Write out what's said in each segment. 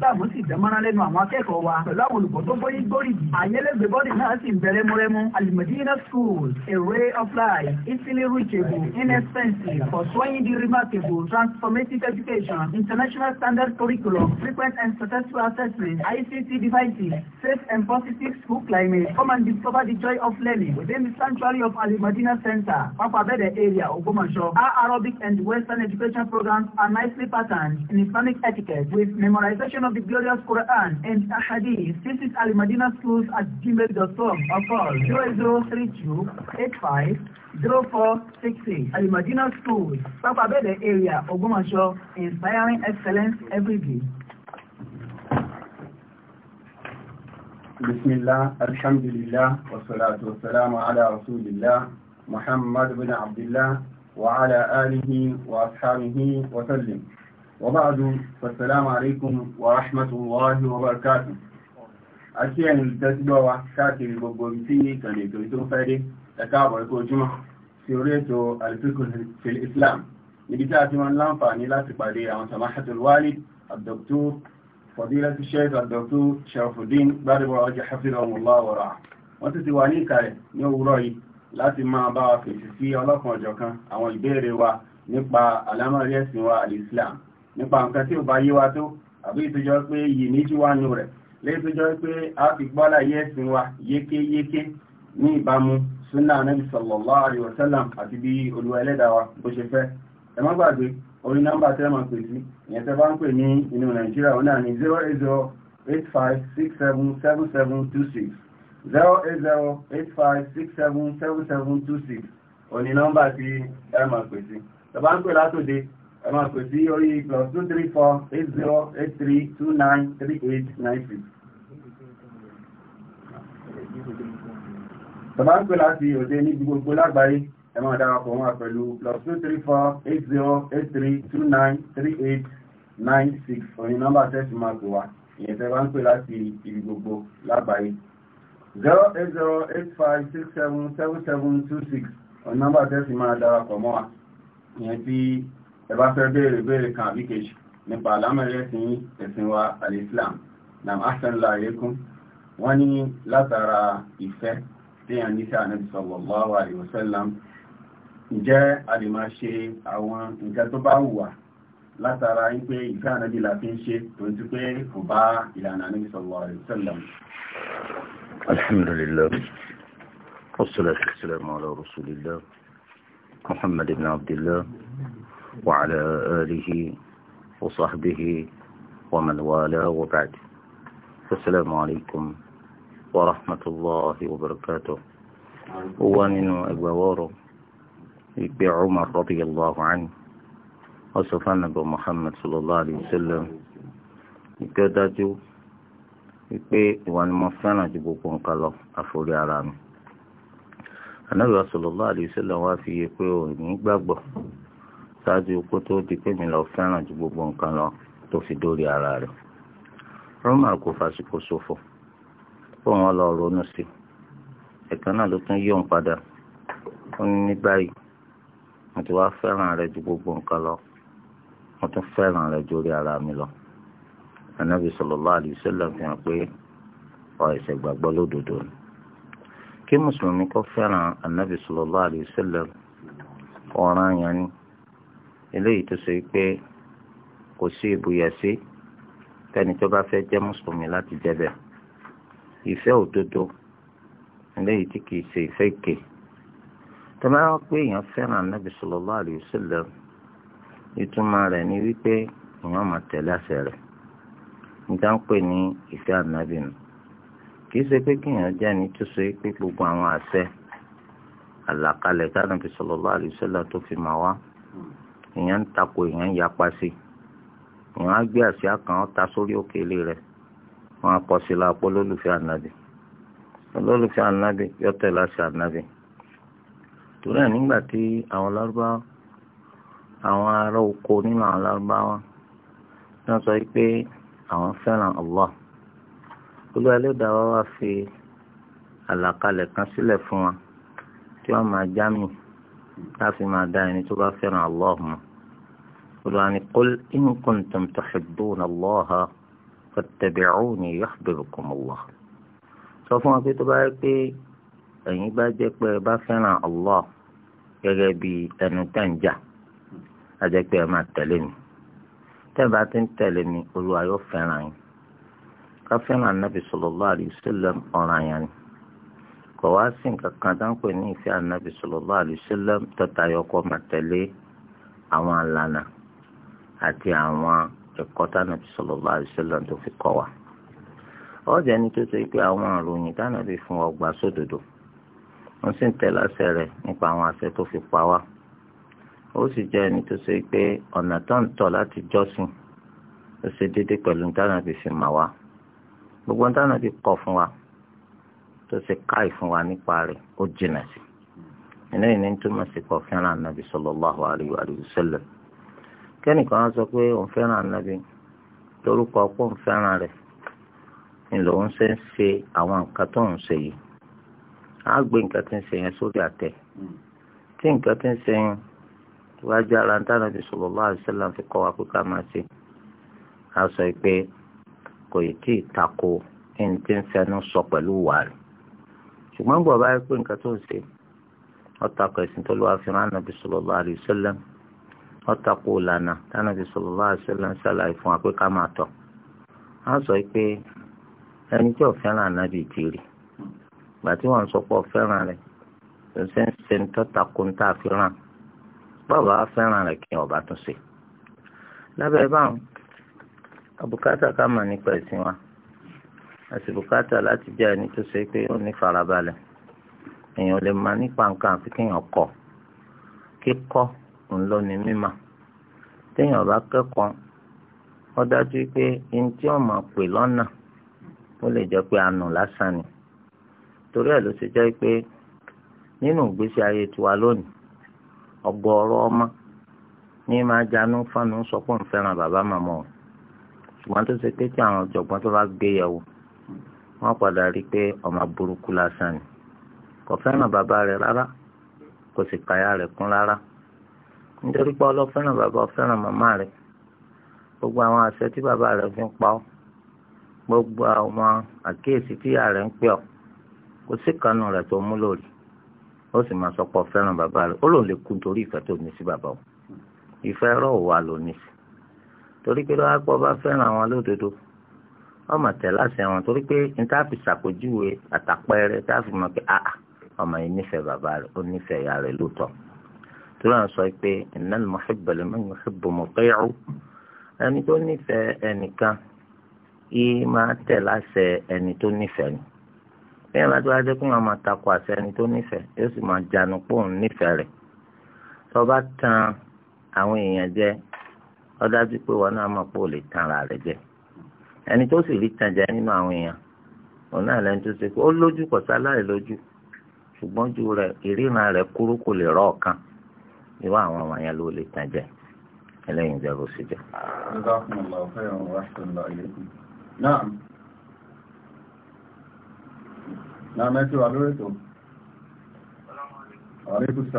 ìsìláàmù sì dẹ́mọ́ra lẹ́nu àwọn akẹ́kọ̀ọ́ wa pẹ̀lú àwọn olùkọ́ tó gbóyìn gbórí àyẹlẹ́gbẹ̀ bọ́dì náà sì ń bẹ rẹ́múrẹ́mú alimadina schools a ray of life easily reachable inexpensive for showing the remarkable transformative education international standard curriculum frequent and successful assessment ICT devices safe and positive school climate come and discover the joy of learning within the sanctuary of alimadina center papabede area Ogbomoso our Arabic and Western education programs are nicely patterned in Islamic etiquette with memorization of of the glorious Quran and Ahadith, this is Al Madina Schools at gmail.com or call 0032 85 Al Madina Schools, Papa Bede area, Ogumasho, inspiring excellence every day. بسم الله الحمد لله والصلاة والسلام على رسول الله محمد بن عبد الله وعلى آله وأصحابه وسلم وبعد فالسلام عليكم ورحمة الله وبركاته àti ẹni ìtẹ́sígbọ́ wa káàkiri gbogbo tí ìkànnì ètò tó fẹ́ dé ẹ̀ka àbọ̀ ikú ojúmọ́ sí orí ètò alifikun fil islam níbi tí a ti wọn láǹfààní láti pàdé àwọn samahatul wali ad-doktor fadilatu sheikh ad-doktor sharafuddin gbadebo ọjọ́ hafizahullah wara wọ́n ti ti wà ní ìkàlẹ̀ ní òwúrọ̀ yìí láti máa bá wa fèsì sí ọlọ́kan ọ̀jọ̀kan àwọn ìbéèrè wa nípa àlámọ̀rí ẹ̀sìn wa al-islam nípa nǹkan tí ò bá yé wa tó àbí ìtòjọ́ pé iyì méjì wà nù rẹ̀ lẹ́tọ́jọ́ pé a fi gbọ́lá yẹ́sìn wa yékéyéké ní ìbámu súnà anábì sallallahu alaihi wasallam àti bí olú ẹlẹ́dàwà bó ṣe fẹ́ ẹ má gbàgbé orí nọ́mbà tẹ́mà pè sí ìyẹn tẹ́ bá ń pè ní inú nàìjíríà ó náà ní 08085677726 08085677726 òní nọ́mbà tí ẹ má pè sí tẹ́ bá ń pè látòde 08085677726 ẹ máa pè sí orí plus two three four eight zero eight three two nine three eight nine six. tọ́ba ń pè láti òde ní gbogbo lágbàáyé ẹ máa darapọ̀ wọn pẹ̀lú plus two three four eight zero eight three two nine three eight nine six oyin nọ́mbà tẹ́sí máa pè wá ìyẹn tẹ́ bá ń pè láti ibi gbogbo lágbàáyé zero eight zero eight five six seven seven seven two six oyin nọ́mbà tẹ́sí máa darapọ̀ mọ́ wa ìyẹn tí ẹ̀bá fẹ́ béèrè béèrè kan àbí kejì nípa àlámẹ́rẹ́ sí ẹ̀sìn wa alìsílám nam ahsanla ayékún wọ́n ní látara ìfẹ́ tí a ní sí ànábì sallallahu alaihi wasallam ǹjẹ́ a lè máa ṣe àwọn nǹkan tó bá wù wá látara wípé ìfẹ́ ànábì la fi ń ṣe tó ń ti pé kò bá ìlànà ànábì sallallahu alaihi wasallam. وعلى آله وصحبه ومن والاه وبعد السلام عليكم ورحمة الله وبركاته من أبواره بعمر رضي الله عنه وصفان أبو محمد صلى الله عليه وسلم كداتو بي وان ni جبوكم قال ju عرامي أنا صلى الله عليه وسلم وفي sallallahu alaihi ṣáájú kó tó di pé mi lọ fẹ́ràn ju gbogbo nǹkan lọ tó fi dórí ara rẹ̀ Umar kò fàṣìkò ṣòfò fún wọn lọ ronú sí ẹ̀kan náà ló tún yí òun padà ó ní ní báyìí mo ti wá fẹ́ràn rẹ ju gbogbo nǹkan lọ mo tún fẹ́ràn rẹ ju orí ara mi lọ Ànábì sallallahu alaihi fi hàn pé ọ ẹ̀sẹ̀ gbàgbọ́ lódodo ni kí mùsùlùmí kó fẹ́ràn Ànábì sallallahu alaihi ọ̀ràn yẹn ni eléyìí tó ṣe pé kò sí ìbùyà sí tẹni tó bá fẹ́ jẹ́ mùsùlùmí láti jẹ́ bẹ́ẹ̀ ìfẹ́ òdodo eléyìí tí kìí ṣe ìfẹ́ ìkè tó bá wá pé èèyàn fẹ́ràn anábì sallallahu alaihi wasallam ìtumọ̀ rẹ̀ ni wípé èèyàn máa tẹ̀lé àṣẹ rẹ̀ níta ń pè ní ìfẹ́ anábì nù kìí ṣe pé kéèyàn jẹ́ ẹni tó ṣe pé gbogbo àwọn àṣẹ àlàkalẹ̀ tánàbì sallallahu alaihi tó fi máa wá èèyàn ń takò èèyàn ń yapa sí èèyàn á gbé àsíá kan ó ta sórí òkèlè rẹ̀ wọ́n á kọ sí lápò olólùfẹ́ ànábì olólùfẹ́ ànábì yóò tẹ̀lé àṣà ànábì torí ẹ̀ nígbà tí àwọn lárúbáwá àwọn ará oko nínú àwọn lárúbáwá wọ́n sọ pé àwọn fẹ́ràn Allah olú ẹlẹ́dàá wa wá fi àlàkalẹ̀ kan sílẹ̀ fún wa tí wọ́n máa já mi láti máa dá ẹni tó bá fẹ́ràn Allah mọ̀ olùwà ni qul in kuntum tuhibbuna Allah fattabi'uni yuhbibkum Allah sọ fún wa pé tó bá yẹ pé ẹ̀yin bá jẹ́ pé ẹ bá fẹ́ràn Allah gẹ́gẹ́ bí ẹnu tẹ̀ǹjà ajẹ́ pé ẹ máa tẹ̀lé mi tẹ́ẹ̀bá ti ń tẹ̀lé mi olùwà yóò fẹ́ràn yín ká fẹ́ràn anábì sallallahu alaihi ọ̀ràn yẹn ni. kò wá sí nǹkan kan tó ń pè ní ìfẹ́ ànábì sallallahu alaihi tọ́ta ayọ́kọ́ máa tẹ̀lé àwọn àlànà àti àwọn ẹ̀kọ́ tánàbì tó fi kọ́ wa. ọ̀jẹ̀ ni tó pé àwọn àròyìn tánàbì fún ọgbà sódodo wọ́n sì ń tẹ̀ láṣẹ rẹ̀ nípa àwọn àṣẹ tó fi pa gbogbo tánàbì kọ fún wa tó ṣe káì fún wa nípa rẹ̀ ó jìnà sí eléyìí ní túmọ̀ sí kọ́ fẹ́ràn ànábì sallallahu alayhi wa sallam kẹ́nìkan á sọ pé òun fẹ́ràn ànábì lórúkọ pọ̀ ń fẹ́ràn rẹ̀ ni lòun ṣe ń ṣe àwọn nǹkan tó ń ṣe yìí á gbé nǹkan tí ń ṣe yẹn sórí àtẹ tí nǹkan tí ń ṣe yẹn wájú ara ń tánà bí sallallahu alayhi wa sallam fi kọ́ wa pé ká máa ṣe á sọ pé kò ì tí ì tako ẹni tí ń fẹnu sọ pẹ̀lú wàrí ṣùgbọ́n bọ̀ báyìí pé nǹkan tó ń ṣe ọ̀tàkù ẹ̀sìn tó lọ́wọ́ àfihàn ànábì sallallahu alaihi wasallam ọ̀tàkù ìlànà tánàbì sallallahu alaihi wasallam ṣàlàyé fún wa pé ká máa tọ̀ á sọ pé ẹni tí ó fẹ́ràn ànábì ti rí ìgbà tí wọ́n ń sọ pé ó fẹ́ràn rẹ̀ ló ṣe ń ṣe ń tọ́tàkù ń tà fẹ́ràn bàbá fẹ́ràn rẹ̀ kí ọba tún ṣe lábẹ́ báwọn àbùkátà ká mà nípa ẹ̀sìn wa àti bùkátà láti jẹ́ ẹni tó ṣe pé ó ní farabalẹ̀ èèyàn lè máa nípa nǹkan àfi kéèyàn kọ́ kíkọ́ ńlọ ní mímà téèyàn bá kẹ́kọ̀ọ́ ó dájú pé ẹni tí wọ́n máa pè lọ́nà ó lè jẹ́ pé àánú lásán ni torí ẹ̀ ló ṣe jẹ́ pé nínú ìgbésí ayé tiwa lónìí ọ̀gọ̀ọ̀rọ̀ ọmọ ní máa janú fánu sọ pé òun fẹ́ràn bàbá màmá o ṣùgbọ́n tó ṣe pé tí àwọn ọ̀jọ̀gbọ́n tó bá gbé yẹ̀wò wọ́n padà rí i pé ọmọ burúkú lásán ni kò fẹ́ràn bàbá rẹ̀ rárá kò sì káyà rẹ̀ kún rárá nítorí pé ọlọ́fẹ́ràn bàbá ọfẹ́ràn màmá rẹ̀ gbogbo àwọn àṣẹ tí bàbá rẹ̀ fi ń pa ọ́ gbogbo àwọn àkíyèsí tí ìyá rẹ̀ ń pè ọ́ kò sí kanú rẹ̀ tó mú lórí ó sì máa sọ pé ọfẹ́ràn bàbá rẹ̀ ó lòun lè kú torí ìfẹ́ tó ní sí bàbá o ìfẹ́ rọ̀ wà lónìí torí pé lọ́wọ́ ọmọ tẹ̀ láti ẹ̀wọ̀n torí pé n tá fi ṣàpèjúwe àtàpẹ́rẹ́ tá fi mọ̀ pé àà ah, ọmọ yìí nífẹ̀ẹ́ bàbá rẹ̀ ó nífẹ̀ẹ́ ìyá rẹ̀ lóòótọ́ torí àwọn sọ pé innal muhibba liman yuhibbu muti'u ẹni tó nífẹ̀ẹ́ ẹnìkan yìí máa tẹ̀ láṣẹ ẹni tó nífẹ̀ẹ́ ni bẹ́ẹ̀ bá tó wá jẹ́ pé wọ́n máa takò àṣẹ ẹni tó nífẹ̀ẹ́ yóò sì máa jánu pé òun nífẹ̀ẹ́ rẹ̀ tó bá tan àwọn èèyàn jẹ ó dájú pé wọn náà mọ̀ pé ò lè tan ara rẹ̀ jẹ ẹni tó sì rí tàjà nínú àwọn èèyàn òun náà tó ṣe pé ó lójú kò sáláì lójú ṣùgbọ́n ju rẹ̀ ìríran rẹ̀ kúrú kò lè rọ ọ̀kan irú àwọn àwọn yẹn ló lè tàjà ẹlẹ́yìn ìjẹ́ bó ṣe jẹ́. náà náà mẹ́tí wà wa Orúkọ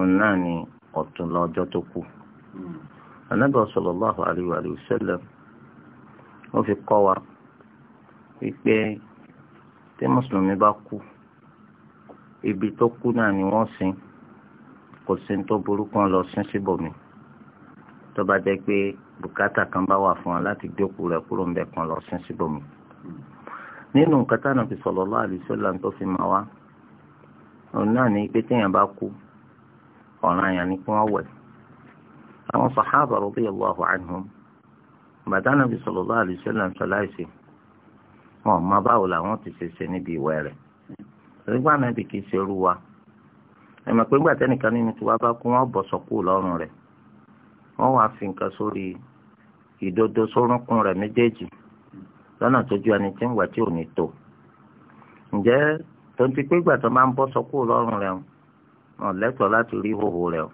òun náà ni ọ̀tún lọ́jọ́ tó kù Ànábì sallallahu alayhi wa sallam wọ́n fi kọ́ wa wípé tí mùsùlùmí bá kú ibi tó kú náà ni wọ́n sin kò sí tó burú kan lọ sin síbòmí tó bá jẹ́ pé bùkátà kan bá wà fún wa láti gbé òkú rẹ̀ kúrò ń bẹ̀ kan lọ sin síbòmí. nínú nǹkan tí Ànábì sallallahu alayhi wa tó fi máa wá òun náà ni pé téèyàn bá kú. ọ̀ràn yẹn ni kí wọ́n àwọn sàhábà radiyallahu anhum bàtà nàbì sallallahu alaihi wasallam láìsí wọn ò báwo làwọn ti ṣe ṣe níbi ìwẹ̀ rẹ̀ nígbà náà bì kì í ṣerú wa ẹ mọ̀ pé nígbà tẹ́nìkan nínú bá bọ̀ lọ́rùn rẹ̀ wọ́n wàá fi nǹkan sórí ìdodo sórúnkún rẹ̀ méjèèjì lọ́nà tó ju ẹni tí ń wà tí ò ní ǹjẹ́ tó ti pé ìgbà tó máa ń bọ́ wọn lẹ́tọ̀ọ́ láti rí ìhòhò rẹ̀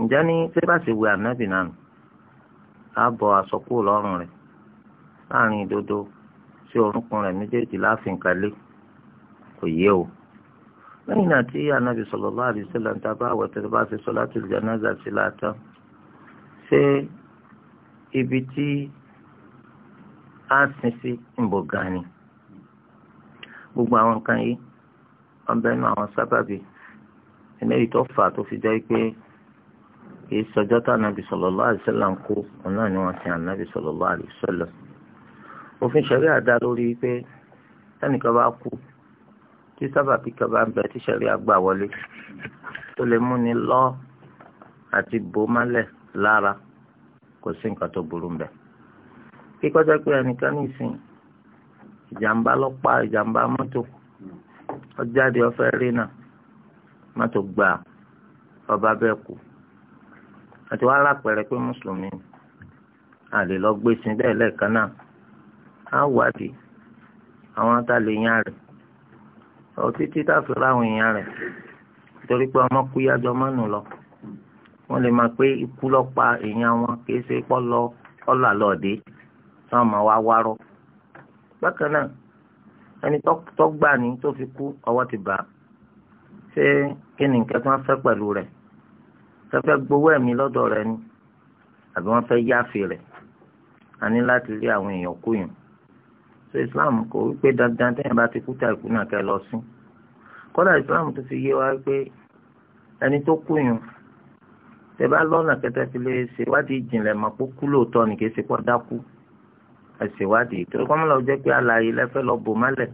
o ǹjẹ́ ní sébàṣì wẹ ànábì náà àbọ̀ àsọkù lọ́rùn rẹ̀ láàrin ìdodo sí orúnkún rẹ̀ méjèèjì láàfin kalẹ̀ kò yé o lẹ́yìn náà tí ànábì sallallahu alaihi wasallam ń tábà wẹ̀ tẹ́lẹ̀ bá ṣe salatul janaza sí látọ́ ṣé ibi tí a sin sí ìbò gan ni gbogbo àwọn nǹkan yìí wọn bẹnu àwọn sábàbí eléyìí tó fà tó fi jẹ́ pé kì í sọjọ́ tá ànábì sallallahu alaihi wasallam ń kó òun náà ni wọ́n sin ànábì sallallahu alaihi wasallam. òfin ṣẹ̀rí àdá lórí pé tẹ́nìkan bá kú tí sábà kíkan bá ń bẹ tí ṣẹ̀rí àgbà wọlé tó lè múni lọ àti bò mọ́lẹ̀ lára kò sí nǹkan tó burú ń bẹ. kíkọ́jọ́ pé ẹnìkan ní ìsìn ìjàmbá lọ́pàá ìjàmbá mọ́tò ọjáde ọ̀fẹ́ rí náà mọ́tò gbà ọba bẹ́ẹ̀ kú àti wàá lápẹẹrẹ pé mùsùlùmí àlè lọ gbé sin bẹ́ẹ̀ lẹ́ẹ̀kan náà á wádìí àwọn tá lè yan rẹ̀ ọ títí tá fi ráwọn èèyàn rẹ̀ torí pé ọmọ kú yájọ mọ́nù lọ wọ́n lè máa pé ikú lọ pa èèyàn wọn kì í ṣe pọ́lọ ọ̀là lọ́ọ̀dé táwọn máa wá wárọ́ bákan náà ẹni tó ní tó fi kú ọwọ́ ti bà ṣé kí ni nǹkan tí wọ́n fẹ́ pẹ̀lú rẹ̀ ṣé fẹ́ gbowó ẹ̀mí lọ́dọ̀ rẹ̀ ni àbí wọ́n fẹ́ yáfe rẹ̀ a ní láti rí àwọn èèyàn kú yìí so Islam kò wípé dandan tẹ́yìn bá ti kú tà ìkú náà kẹ́ lọ sí kódà Islam tó fi yé wa pé ẹni tó kú yìí tẹ́ bá lọ́nà kẹtẹ fi lè ṣèwádìí ìjìnlẹ̀ mọ̀ pé kú lóòótọ́ ni kì í ṣe pọ́ dákú ẹ̀ ṣèwádìí torí kọ́mọ́lá jẹ́ pé alààyè lẹ́fẹ́ lọ bò mọ́lẹ̀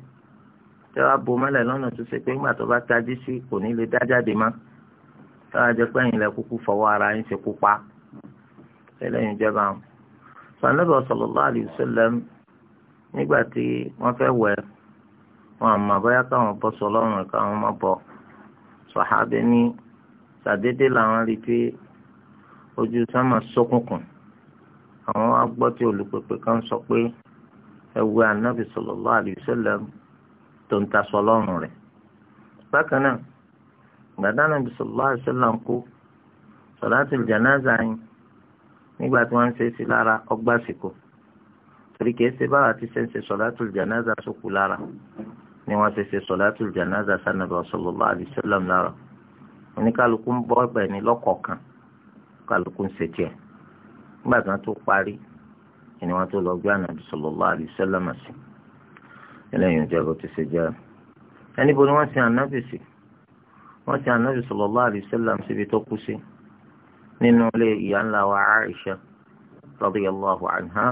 tẹ́ wàá bo mọ́lẹ̀ lọ́nà tó ṣe pé ńgbà tó bá tají sí kò ní lè dá jáde má táwa jẹ pé ẹ̀yin lẹ kúkú fọwọ́ ara yín ṣe kú pa ẹlẹ́yin jẹba àwọn. sànẹ́bà sallallahu alaihi wasallam nígbà tí wọ́n fẹ́ wẹ̀ wọn àmọ́ bóyá káwọn bọ́ sọ káwọn má bọ̀ sàhábẹ́ ní sàdédé làwọn rí pé ojú sámà ṣókùnkùn àwọn wá gbọ́ kan sọ pé ẹ wẹ̀ ànábì sallallahu tó ń taṣọ lọ́rùn rẹ̀ bákan náà gbàdá Ànábì sallallahu alaihi wasallam kú janaza yín nígbà tí wọ́n ń ṣe sí lára ọgbà sìkò torí kìí ṣe báwa ti ṣe ń ṣe salatul janaza sókù lára ni wọ́n ṣe ṣe salatul janaza sanabi sallallahu alaihi wasallam lára oníkálukú ń bọ́ ọ̀bẹ̀ ní lọ́kọ̀ọ̀kan kálukú ń ṣe tiẹ̀ nígbà tí wọ́n tó parí ni wọ́n tó lọ gbé Ànábì sallallahu alaihi wasallam sí eléyìí ọjọ́ bó ti ṣe jẹ́ ẹni bo ni wọ́n sin ànábì sí wọ́n sin ànábì sallallahu alaihi wasallam síbi tó kú sí nínú ilé ìyá ńlá wa Aisha radiyallahu anha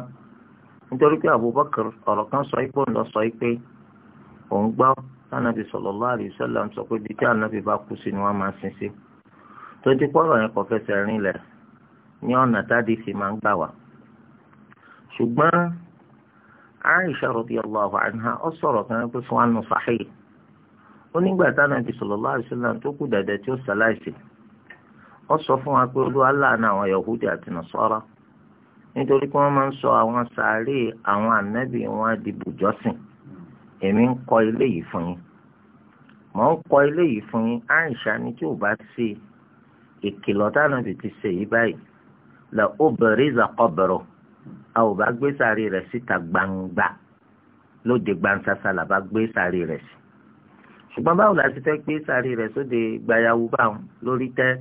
nítorí pé Abubakar ọ̀rọ̀ kan sọ ipò ńlọ sọ pé òun gbọ́ ànábì sallallahu alaihi wasallam sọ pé bíi tí ànábì bá kú sí ni wọ́n máa sin sí tó ti pọ́rọ̀ yẹn kò fẹsẹ̀ rinlẹ̀ ní ọ̀nà tádìí fi máa ń gbà wá ṣùgbọ́n Aisha radiyallahu anha ọ sọ̀rọ̀ kan pé fún àánú sahih o nigba sallallahu alaihi wasallam tó kù dàdẹ tí ó sàláìsì ọ sọ fún wa àwọn Yahudi àti Nasara nítorí pé wọ́n máa ń sọ àwọn sàárè àwọn wọn di bùjọ́sìn èmi ń kọ́ ilé yìí fún yín mọ̀ ń kọ́ ilé yìí fún yín Àìṣà ni tí o bá ṣe ìkìlọ̀ a ò bá gbé sàárè rẹ̀ síta gbangba lóde gbansasa là bá gbé sàárè rẹ̀ sí ṣùgbọ́n báwo la ti fẹ́ gbé sàárè rẹ̀ sóde gbayawu báwọn lórí tẹ́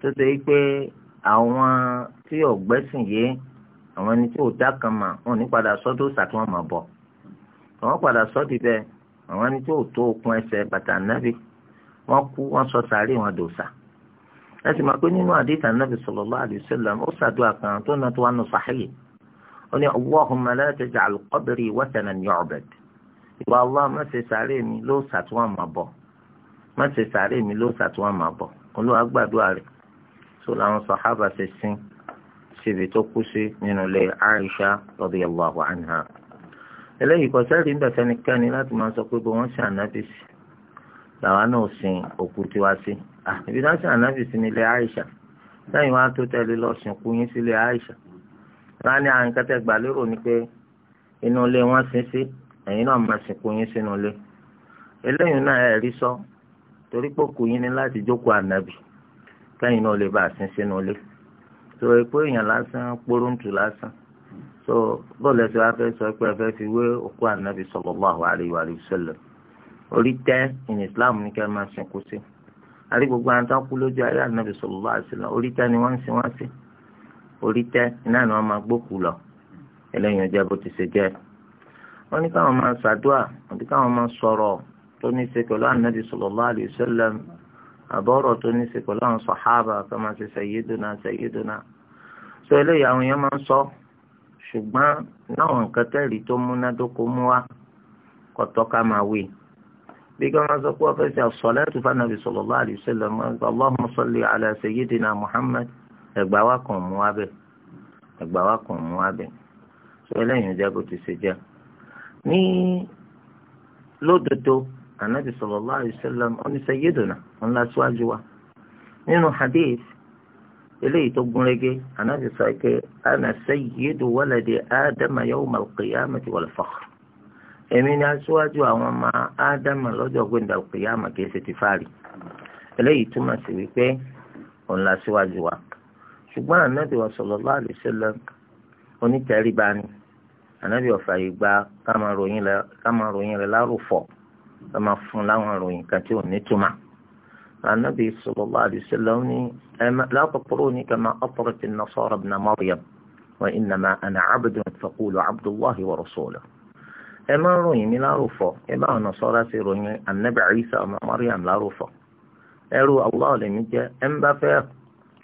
tó ṣe pé àwọn tí ò gbẹ́sìn yé àwọn ẹni tí ò dá kan mà wọn ní padà sọ́dọ̀ sàtúwọ̀n mà bọ̀ àwọn padà sọ́dọ̀ bẹ́ẹ̀ àwọn ẹni tí ò tó okun ẹsẹ̀ bàtà nábì wọ́n kú wọ́n sọ sàárè wọn dòṣà. So láti máa pé nínú àdéhùn anábì sallallahu alayhi wa sallam ó ṣàdúrà kan tó náà tó wà nù sàhíyì ó ní Allahumma la taj'al qabri wathanan yu'bad ìwà Allah má ṣe sàárè mi ló ṣàtúwọ̀n máa bọ̀ má ṣe mi ló ṣàtúwọ̀n máa bọ̀ olúwa gbàdúrà rẹ̀ tó làwọn sàhábà ṣe sin síbi tó kú sí nínú ilé Aisha radiyallahu anha eléyìí làwọn náà sin òkú tiwa sí ibi tí wọ́n sin ànábì sí nílé Aisha lẹ́yìn wọn tó tẹ̀lé lọ sìnkú yín sílé Aisha wọn ní àwọn kẹtẹ gbà lérò ni pé inú ilé wọn sin sí ẹ̀yin náà máa sìnkú yín sínú ilé eléyìí náà ẹ̀rí sọ torí pé òkú yín ni láti jókòó ànábì kẹ́yìn náà lè bá a sin sínú ilé tó epo èèyàn lásán kpóròǹtù lásán so bọ́ọ̀lù ẹ̀sìn wa fẹ́ sọ pé ẹ fẹ́ fi wé òkú ànábì sallallahu alaihi wa sallam orí tẹ́ in Islam ní kẹ́ máa sìnkú sí àrí gbogbo àwọn tó kú lójú ayé ànábì sallallahu alaihi wasallam orí tẹ́ ni wọ́n ń sin sí orí iná ni wọ́n máa gbókù lọ ẹlẹ́yìn ọjọ́ bó ti ṣe jẹ́ wọ́n ní káwọn máa ṣàdúà wọ́n ní káwọn máa sọ̀rọ̀ tó ní ṣe pẹ̀lú ànábì sallallahu alaihi wasallam àbọ̀rọ̀ tó ní ṣe pẹ̀lú àwọn sàhábà tó máa ṣe sayyiduna sayyiduna sọ eléyìí àwọn èèyàn máa ń sọ ṣùgbọ́n náwọn nǹkan tẹ́rì tó múnádóko mú wa kọ̀tọ́ ká máa wí bí kí wọ́n sọ pé wọ́n fẹ́ ṣe àṣọlẹ́tù fanabi sallallahu alaihi wasallam Allahumma salli ala sayyidina Muhammad ẹgbà wa kàn mú abẹ ẹgbà wa kàn mú abẹ sọ eléyìí jẹ́ kó ti ṣe jẹ́ ní lódodo anabi sallallahu alaihi wasallam ọni sayyiduna ọ̀nà aṣáájú wa nínú hadith eléyìí tó gúnrégé anabi sọ pé ana sayyidu èmi ni aṣíwájú àwọn ọmọ ádámà lọ́jọ́ gbẹ̀ndà òkèèyàmà kìí ṣe ti fáàrí eléyìí túmọ̀ sí wípé òun la síwájú wa ṣùgbọ́n ànábì wa sallallahu alaihi wasallam onítẹ̀ríba ni ànábì ọ̀fà yìí gba káma ròyìn rẹ̀ lárúfọ̀ káma fún láwọn ròyìn kan tí ò ní túmọ̀ ànábì sallallahu alaihi wasallam ní la tatruni kama atrat an-nasara ibn Maryam wa innama ẹ máa ń ròyìn mi lárúfọ ẹ bá ọ̀nà sọ́ra sí ròyìn anabi isa ọmọ mariam lárúfọ ẹrú allah lèmi jẹ ẹ ń bá fẹ́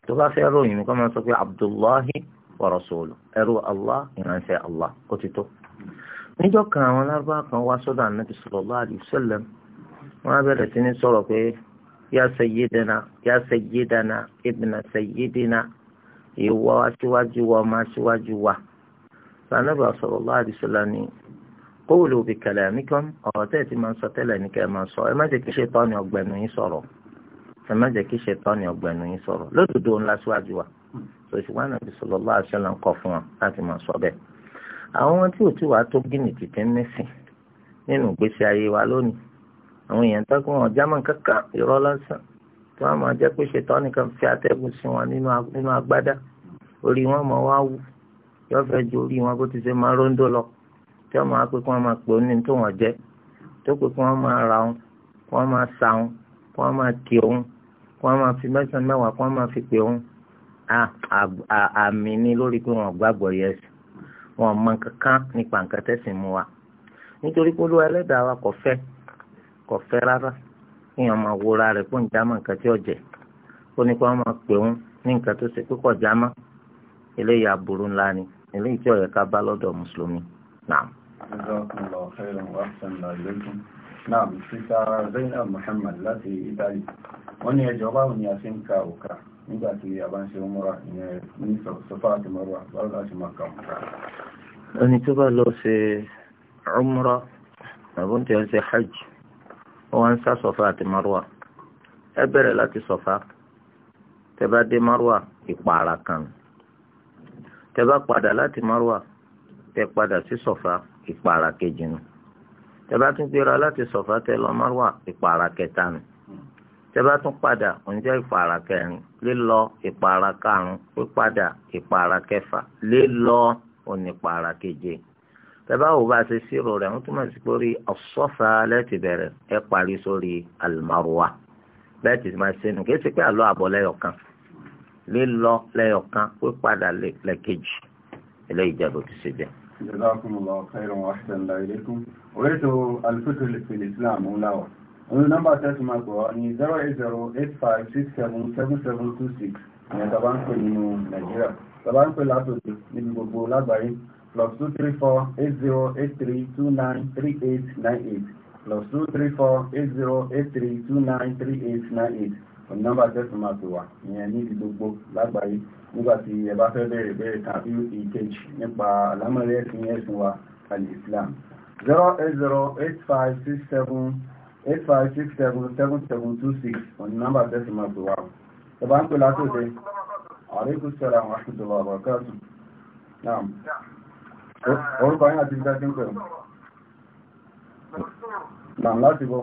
tó bá fẹ́ ròyìn mi kọ́ máa sọ pé abdullahi wa rasulu ẹrú allah ìránṣẹ́ allah ó ti tó. níjọ́ kan àwọn lárúbá kan wá sọ́dọ̀ anabi sallallahu alaihi wasallam wọ́n á bẹ̀rẹ̀ sí ní sọ̀rọ̀ pé yá sayyidina yá sayyidina ibna aṣíwájú wa ọmọ aṣíwájú wa. sànàbà sallallahu alaihi wasallam ni kóòlù òbí kẹlẹ nìkan ọ̀rọ̀ tẹ́ ẹ ti máa sọ tẹ́lẹ̀ ní kẹ́ ẹ máa sọ ẹ má jẹ́ kí ṣètánì ọ̀gbẹ̀nù yín sọ̀rọ̀ ẹ má jẹ́ kí ṣètánì ọ̀gbẹ̀nù yín sọ̀rọ̀ lódodo ńlá síwájú wa sòṣùwọ́n Ànábì sallallahu alaihi wasallam ń kọ́ fún wa láti máa sọ bẹ́ẹ̀. àwọn tí ò tí wàá tó gíní tìtẹ́ mẹ́sìn nínú ìgbésí ayé wa lónìí àwọn èèyàn tákùn wọn jámọ́ kankan irọ́ lásán tí wọ́n máa jẹ́ pé ṣètánì kan fi tí wọ́n máa pé kí wọ́n máa pè ó ní tó wọ́n jẹ́ tó pé kí wọ́n máa ra òun kí wọ́n máa sa òun kí wọ́n máa kí òun kí wọ́n máa fi mẹ́sàn-án mẹ́wàá kí wọ́n máa fi pè òun àmì ni lórí pé wọ́n gbàgbọ́ yẹsù wọ́n mọ kankan nípa nǹkan tẹ́sìn mu wa nítorí pé olúwa ẹlẹ́dàá wa kò fẹ́ kò fẹ́ rárá máa wúra rẹ̀ nǹkan tí ó ó ní kí wọ́n máa جزاكم الله خيرا وأحسن الله إليكم náà sísá zainab muhammad láti italy wọ́n ní ẹjọ́ báwọn ni a ṣe ń ka òkà nígbàtí a bá ń ṣe múra ìyẹn ní sọfá àti mọ́rọ̀ báwo láti máa ka òkà ẹni tó bá lọ ṣe umra àbúntẹ̀ ṣe hajj wọ́n ń sá sọfá àti mọ́rọ̀ ẹ bẹ̀rẹ̀ láti sọfá tẹ́ bá dé mọ́rọ̀ ìpààrà kan tẹ́ bá padà láti mọ́rọ̀ tẹ́ padà sí sọfá ìpara kejì nù tẹ́bá tún gbéra láti sọ̀fà tẹ lọ márùwà ìpara kẹta nù tẹ́bá tún padà oúnjẹ ìpara kẹrin lílọ ìpara karùn pípadà ìpara kẹfà lílọ onípara keje tẹ́bá wò bá ṣe sírò rẹ̀ wọ́n túmọ̀ sí pé orí ọ̀sọ́fà lẹ́ẹ̀tì bẹ̀rẹ̀ ẹ parí sórí àlùmárùwà bẹ́ẹ̀ máa ṣe nù kí pé àlọ́ àbọ̀ lẹ́yọ̀kan lílọ lẹ́yọ̀kan pípadà lẹ́kejì eléyìí jẹ́ bó ti ṣe jẹ́. جزاكم الله خيرا وأحسن الله إليكم ويتو الفكر في الإسلام ولاوة ونمبر تسمى قواني 08085677726 يتبان في نيجيريا تبان في لاتو نبي بقبو لابعي plus 234-8083-2938 plus 234-8083-2938 ọ̀nà nọ́mbà tẹ́sí máa fi wà ìyẹn ní ìlú gbogbo lágbàáyé nígbà tí ẹ bá fẹ́ bẹ̀rẹ̀ bẹ̀rẹ̀ tàbí ìkejì nípa àlámọ̀rí ẹ̀sìn ẹ̀sìn wa al-Islam zero eight zero eight five six seven eight five six seven seven seven two six ọ̀nà nọ́mbà tẹ́sí máa fi wà ẹ bá ń pè látòdè alaikum salaam wa rahmatullahi wa barakatuh naam orúkọ yín àti ìgbà tí ń pè ọ́ naam láti bọ́.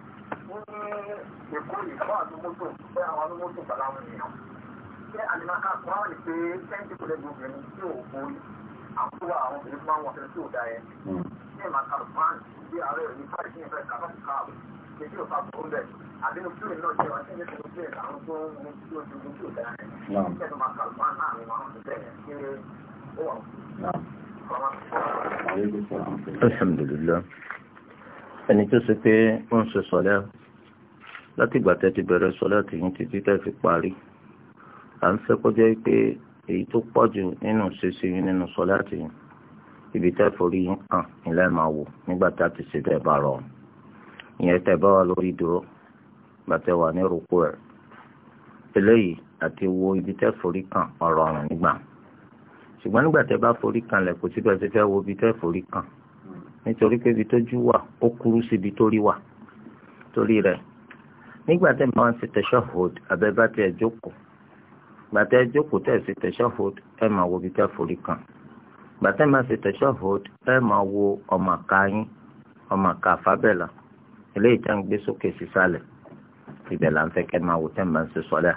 ní èkó ìfọ́ àdúgbòtò pé àwọn àdúgbòtò bàlá wọn èèyàn ṣé àdìmáká kan wà ní pé tẹ́ǹtì kò lẹ́gbẹ̀ẹ́ obìnrin tí ò borí àkúrò àwọn obìnrin máa ń wọ̀ tí ò dá ẹ ṣé màkà lùpán bí ààrẹ òní fáì sí ìfẹ́ kàbá ti ká àbò ṣe tí ò bá bọ̀ ọ́lẹ̀ àbínú fúlẹ̀ náà jẹ́ wọn tẹ́lẹ̀ tó fúlẹ̀ àwọn tó ni wọ́n ti bẹ̀rẹ̀ Alhamdulillah. Ẹni tó ṣe pé ó ń ṣe sọ̀lẹ́ láti ìgbà tẹ́ ti bẹ̀rẹ̀ sọ láti yín títí tẹ́ fi parí à ń fẹ́ kọjá pé èyí tó pọ̀ jù nínú ṣíṣe yín nínú sọ láti yín ibi tẹ́ forí yín hàn nílẹ̀ máa wò nígbà tá a ti ṣe bẹ́ẹ̀ bá rọrùn ìyẹn tẹ́ bá wà lórí dúró gbàtẹ́ wà ní rúkú ẹ̀ eléyìí àti wo ibi tẹ́ forí kàn ọ̀rọ̀ ọ̀rùn nígbà ṣùgbọ́n nígbà tẹ́ bá forí kan lẹ̀ kò síbẹ̀ ṣe fẹ́ wo ibi tẹ́ forí kàn nítorí pé ibi tójú wà ó kúrú síbi tó wà torí rẹ̀ nígbà tẹ́ máa ń ṣe tashahhud àbẹ́bá tẹ́ ẹ jókòó gbàtẹ́ ẹ jókòó tẹ́ ẹ ṣe tashahhud ẹ máa wo ibi tẹ́ forí kan gbàtẹ́ máa ṣe tashahhud ẹ máa wo ọmọ àkàyín ọmọ àkàfábẹ́là eléyìí tẹ́ ń gbé sókè sísàlẹ̀ ibẹ̀ là ń fẹ́ kẹ́ máa wò tẹ́ máa ń ṣe sọ́lá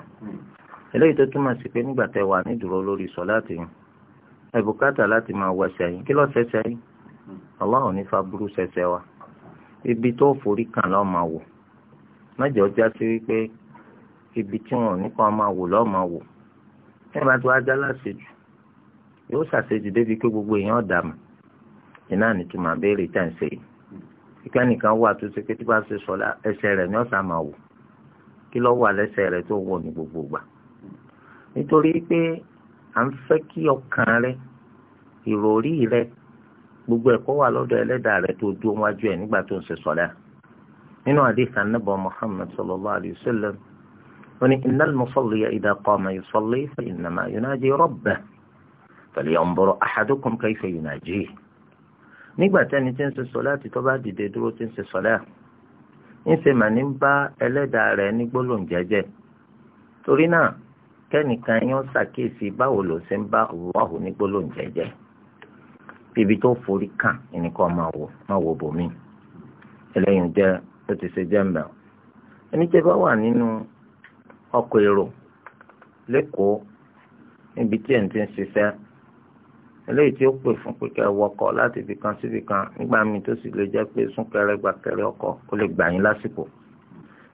eléyìí tó túmọ̀ sí pé nígbà tẹ́ wà nídúró lórí sọ́lá ti yín ẹ bùkátà láti máa wọ májọ já sí wípé ibi tí wọn nípa máa wò lọ́ọ́ máa wò tí wọn bá ti wá dá láṣejù yóò ṣàṣejù débi pé gbogbo èèyàn dà mọ́ iná nìtumọ̀ abéèrè tá à ń ṣe yìí ìkà nìkan wà tó ṣe pé tí bá ṣe sọlá ẹsẹ̀ rẹ̀ ní ọ̀sán máa wò kí lọ́ wà lẹ́sẹ̀ rẹ̀ tó wọ̀ ní gbogbo gbà nítorí pé à ń fẹ́ kí ọkàn rẹ ìròrí rẹ gbogbo ẹ̀kọ́ wà lọ́dọ̀ ẹlẹ́dàá rẹ tó dúró wájú ẹ̀ nígbà tó ń ṣe sọlá nínú àdéhùn anábọ̀ Muhammad sallallahu alayhi wa sallam ó ní innal musalliya idha qama yusalli fa innama yunaji rabbah falyanzur ahadukum kayfa yunajihi nígbà tẹ́ni tí ń ṣe sọlá àti tó bá dìde dúró tí ń ṣe sọlá ńṣe mà ní bá ẹlẹ́dàá rẹ̀ ní gbólóhùn jẹ́jẹ́ torí náà kẹ́nìkan yóò ṣàkíyèsí báwo ló ṣe ń bá Allahu ní gbólóhùn jẹ́jẹ́ bíbi tó forí kàn ẹnìkan máa wò máa wò bòmí eléyìí jẹ́ ó ti ṣe jẹ́mbà ẹni tẹ́ bá wà nínú ọkọ̀ èrò lẹ́kọ̀ọ́ níbi tí ẹ̀ǹtí ń ṣiṣẹ́ eléyìí tí ó pè fún pé kẹ́ wọkọ̀ láti ibì kan síbì kan nígbà míì tó sì lè jẹ́ pé súnkẹrẹ gbàkẹrẹ ọkọ̀ ó lè gbà yín lásìkò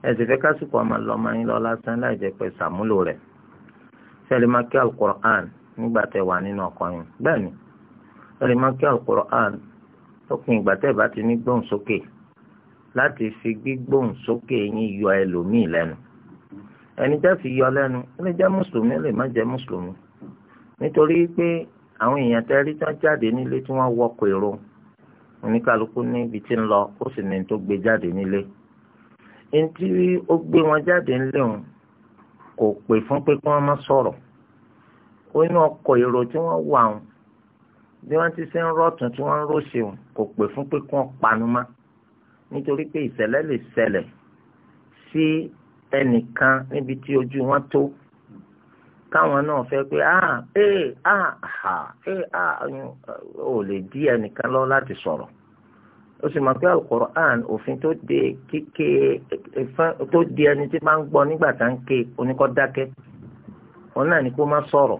ẹ sì fẹ́ kásìkò ọmọ lọ́mọ yín lọ lásán láì jẹ́ pé sàmúlò rẹ̀ sẹ́lẹ̀ máa kí alukur'an nígbà tẹ́ wà nínú ọkọ̀ yín bẹ́ẹ̀ ni sẹ́lẹ̀ máa kí alukur'an lópin ìgbà tẹ́ bá ti ní gbóhùn sókè láti fi gbígbóhùn sókè yín yọ ẹlòmíì lẹ́nu ẹni jẹ́ fi yọ lẹ́nu ó lè jẹ́ mùsùlùmí ó lè má jẹ́ mùsùlùmí nítorí pé àwọn èèyàn tẹ́ rí tán jáde nílé tí wọ́n wọkọ̀ èrò oníkálukú níbi tí ń lọ ó sì ní tó gbé jáde nílé ẹni tí ó gbé wọn jáde nílé òun kò pè fún pé kí wọ́n má sọ̀rọ̀ ó ní ọkọ̀ èrò tí wọ́n wà òun bí wọ́n ti ṣe ń rọ̀tún tí wọ́n ń rọ̀ṣẹ̀ òun kò pè fún pé kí wọ́n panu mọ́ nítorí pé ìṣẹ̀lẹ̀ lè ṣẹlẹ̀ sí ẹnìkan níbi tí ojú wọn tó káwọn náà fẹ́ pé ah eh ah eh, ah ee ah ò lè dí ẹnìkan lọ láti sọ̀rọ̀ ó sì mọ̀ pé alukoran òfin tó de kíké tó di ẹni tí máa ń gbọ́ nígbà tá ń ké oníkọ́ òun náà ni kó má sọ̀rọ̀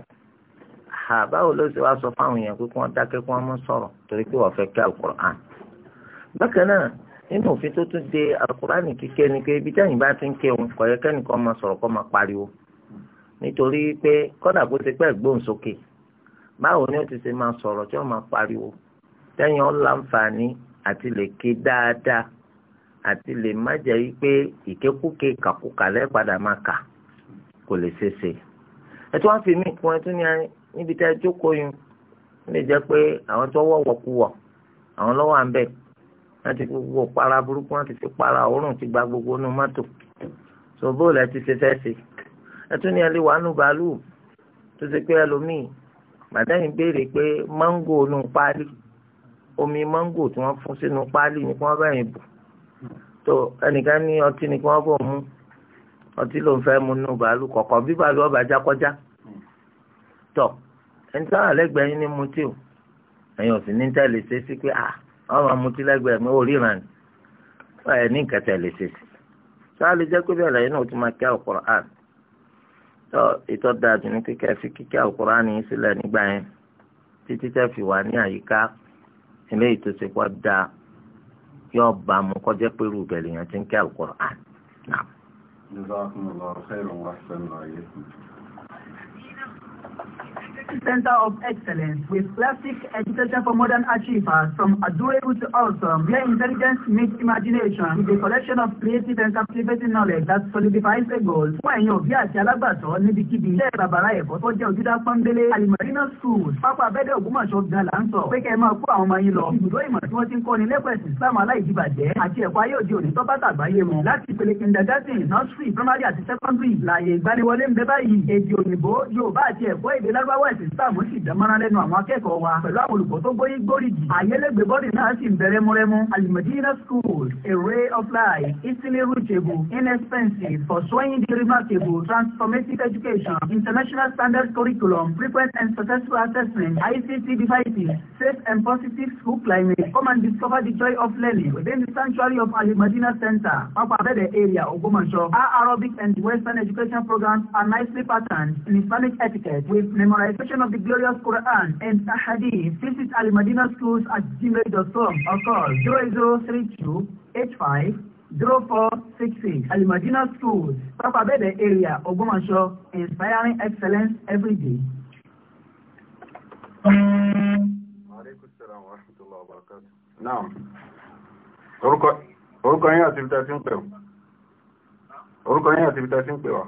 báwo ló ṣe wá sọ fáwọn èèyàn pé kí wọ́n dákẹ́ kí wọ́n má sọ̀rọ̀ torí pé wọ́n fẹ́ kí alukoran bákan náà nínú òfin tó tún de alukurani kíkẹ́ ni pé ibi táyìn bá ti ń kẹun kọ̀yẹ́ kẹ́nìkan máa sọ̀rọ̀ kọ́ máa pariwo nítorí pé kọ́dà kó ti pẹ́ gbóhùnsókè báwo ni ó ti ṣe máa sọ̀rọ̀ tí ó máa pariwo tẹ́yìn ọ́n láǹfààní àti lè ké dáadáa àti lè má jẹ́ wípé ìkékúké kàkúkà lẹ́ẹ̀padà máa kà kò lè ṣeé ṣe ẹ tí wọ́n fi mí kún ẹ tún ní níbi tẹ́ ẹ jókòó yun ó lè jẹ́ pé àwọn tó wọ̀wọ̀ kú wọ̀ àwọn lọ́wọ́ à ń bẹ̀ẹ́ wọ́n ti gbogbo para burúkú wọ́n ti ti para òórùn ti gba gbogbo inú mọ́tò ṣòbó lẹ ti ṣe fẹ́ ṣe ẹ tún ní ẹ lè wà nù bàálù tó ṣe pé ẹlòmíì màdáyìn béèrè pé máńgò nù páálí omi máńgò tí wọ́n fún sínú páálí ni kí wọ́n bá yẹn bù tó ẹnìkan ní ọtí ni kí wọ́n bọ̀ mú ọtí ló ń fẹ́ mu nù bàálù kọ̀ọ̀kan bí bàálù ọba já kọjá tọ̀ ẹni táwọn àlẹ́gbẹ̀ẹ́ yín ní mutí o ẹ̀yin ò sì ní tẹ̀lé ṣe sí pé ah àwọn amutí lẹ́gbẹ̀ẹ́ mi ò ríran ni wọ́n ẹ̀ ní nkẹtẹ̀ lè ṣe sí sáà lè jẹ́ pé bẹ́ẹ̀ náà ó máa kí Al-Qur'an tó ìtọ́ da jù ní kíkẹ́ fi kíkẹ́ Al-Qur'an yìí sílẹ̀ nígbà yẹn títí tẹ́ fi wà ní àyíká ilé ìtòsíkọ́ da yóò bá mu kọjá pé irú yẹn ti ń kí Al-Qur'an náà. Center of Excellence with Classic Education for Modern Achievers from Adorable to Awesome, where intelligence meets imagination with a collection of creative and captivating knowledge that solidifies the goal. Fún ẹ̀yin òbí àti alágbàtọ́ níbikíbi ilé bàbàrà ẹ̀kọ́ tó jẹ́ ojúdá pọ́nbélé Alimarina Schools pápá abẹ́dẹ̀ Ògbómọ̀ṣọ́ gan la ń sọ pé kẹ́ ẹ máa kó àwọn ọmọ yín lọ. Ibùdó ìmọ̀ tí wọ́n ti ń kọ́ni lẹ́kọ̀ẹ́sì Islam aláìdíbàjẹ́ àti ẹ̀kọ́ ayé òde òní tó bá tàgbáyé mu. Láti ìpele kindergarten, nursery, primary àti secondary, làyè ìgbaniwọlé ń bẹ báyìí. Èdè òyìnbó, Yorùbá àti ẹ̀kọ́ èdè lárúbáwá ẹ̀s ẹ̀sìn Islam sì dámọ́ra lẹ́nu àwọn akẹ́kọ̀ọ́ wa pẹ̀lú àwọn olùkọ́ tó gbóyè gbóríjì àyẹlẹgbẹ́ náà sì ń bẹ rẹ́múrẹ́mú Al-Madina School a ray of light easily reachable inexpensive pursuing the remarkable transformative education international standard curriculum frequent and successful assessment ICC devices safe and positive school climate come and discover the joy of learning within the sanctuary of Al-Madina Center papa abẹ́dẹ̀ area Ogbomoso our Arabic and Western education programs are nicely patterned in Islamic etiquette with memorization edition of the glorious Quran and Ahadith, visit Al-Madina Schools at gmail.com or call 0032 85 0466 Al-Madina Schools, Papa Bebe area, Ogbomoso, inspiring excellence every day. Now, orúkọ yín àti ibi tí a ti ń pè wá. Orúkọ yín àti ibi tí a ti ń pè wá.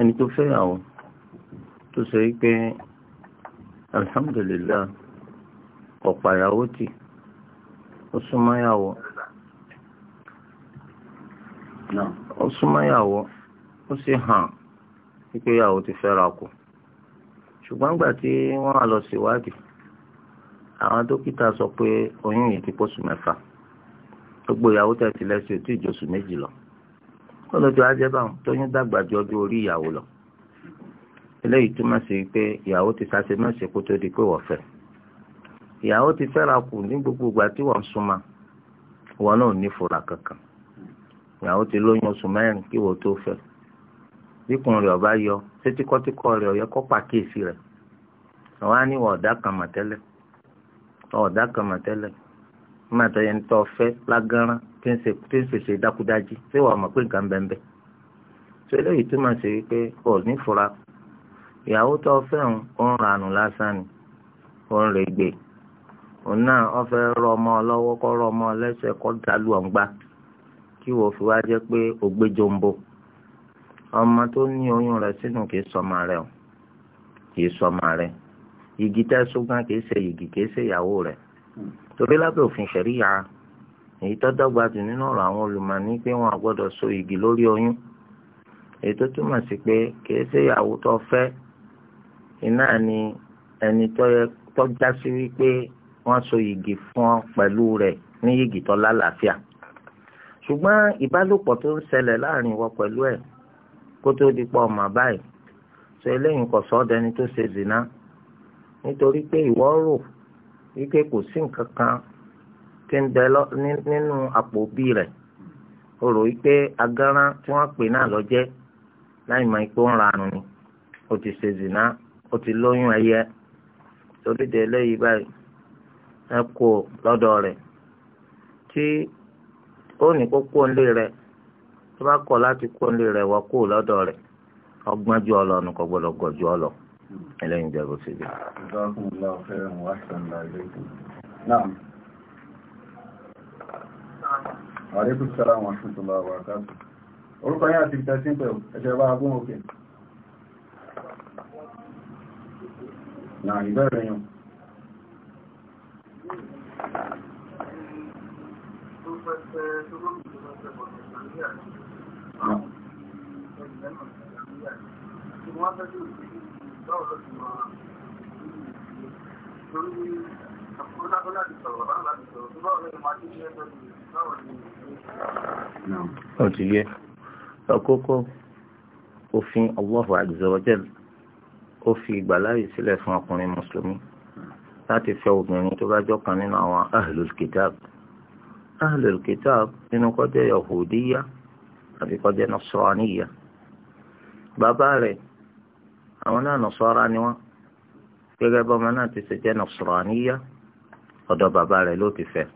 ẹni tó fẹ́yàwó tó sọ wípé alhamdulillah ọ̀pàyàwó tì ó súnmọ́yàwó ó súnmọ́yàwó ó sì hàn wípé ìyàwó ti fẹ́ra kù ṣùgbọ́n gbà tí wọ́n á lọ síwádìí àwọn dókítà sọ pé oyún yìí ti pọ̀ sùn mẹ́fà gbogbo ìyàwó tẹ̀sílẹ̀ sí ò tí ì jọ sùn méjì lọ kọlọjọ ajẹbà tóyún dàgbà ju ọjọ́ orí ìyàwó lọ eléyìí túmọ̀ sí pé ìyàwó ti sase mẹ́sì kó tó di pé wọ́n fẹ́ ìyàwó ti fẹ́ra kù ní gbogbo ìgbà tí wọ́n súnmọ́ wọn náà ní fura kankan ìyàwó ti lóyún oṣù mẹ́rin kí wọ́n tó fẹ́ bíkùn rẹ̀ ọba yọ sétíkọ́tíkọ́ rẹ̀ ọ̀yẹ́ kọ́ pàkíyèsí rẹ̀ wọ́n á ní ọ̀dà kan mọ̀tẹ́lẹ̀ ọ̀dà kan mọ̀tẹ́lẹ̀ mọ̀tẹ́yẹ ń tọ́ fẹ́ lágánrán tí ń ṣèṣe dákúdájí ṣé wàá mọ̀ pé nǹkan bẹ́ẹ̀ bẹ́ẹ̀ ṣé eléyìí túmọ̀ sí wípé ọ̀ ní fura ìyàwó tó fẹ́ ń ranù lásán ni ó ń regbe òun náà ó fẹ́ rọ ọmọ ọlọ́wọ́ kọ́ rọ ọmọ ọlẹ́sẹ̀ kọ́ dàlú ọ̀ǹgbá kí wọ́n fi wá jẹ́ pé ó gbé jombo ọmọ tó ní oyún rẹ̀ sínú kìí sọmọ rẹ̀ o kìí sọmọ rẹ̀ igi tẹ́sùn gan kìí ṣe igi kìí ṣe ìyàwó rẹ̀ torí lábẹ́ òfin ṣẹ̀ríyà èyí tó dọ́gba jù nínú ọ̀rọ̀ àwọn olùmọ̀ ní pé wọn àgbọ́dọ̀ so igi lórí oyún èyí tó túmọ̀ sí pé kìí ṣe ìyàwó tó fẹ́ iná ni ẹni tó já sí wípé wọ́n so igi fún ọ pẹ̀lú rẹ̀ ní igi tó lálàáfíà ṣùgbọ́n ìbálòpọ̀ tó ń ṣẹlẹ̀ láàrin wọn pẹ̀lú ẹ̀ kó tó di pọ̀ ọmọ báyìí sọ eléyìí kò sọ ọ́ dẹni tó ṣe zina nítorí pé ìwọ rò wípé kò sí nǹkan kan kí ń bẹ nínú àpò rẹ rẹ̀ o rò wípé agárán tí wọ́n pè náà lọ́jẹ́ láì mọ ipò ń ranù ni o ti ṣe zìnà o ti lóyún ẹyẹ torí de eléyìí báyìí ẹ kó lọ́dọ̀ rẹ tí ó ní kó kó ń rẹ tó bá kọ láti kó ń lé rẹ̀ wọ́n Àríkùn sára wọn fún tó lọ́wọ́ àkásù. Orúkọ yá àti ìtẹ́sí pẹ̀lú ẹjẹ́ bá agún òkè. Nà ìbẹ̀rẹ̀ yàn. Wọ́n tẹ́jú ọtí yẹ ọkọkọ òfin Allahu azza wa jal ó fi ìgbàláyè sílẹ̀ fún ọkùnrin mùsùlùmí láti fẹ́ obìnrin tó bá jọkan nínú àwọn ahlul kitab ahlul kitab nínú kọjá yahudiya àti kọjá nasraniya bàbá rẹ̀ àwọn náà nasara ni wọn gẹ́gẹ́ bọmọ náà ti ṣe jẹ́ nasraniya ọ̀dọ̀ bàbá rẹ̀ ló ti fẹ́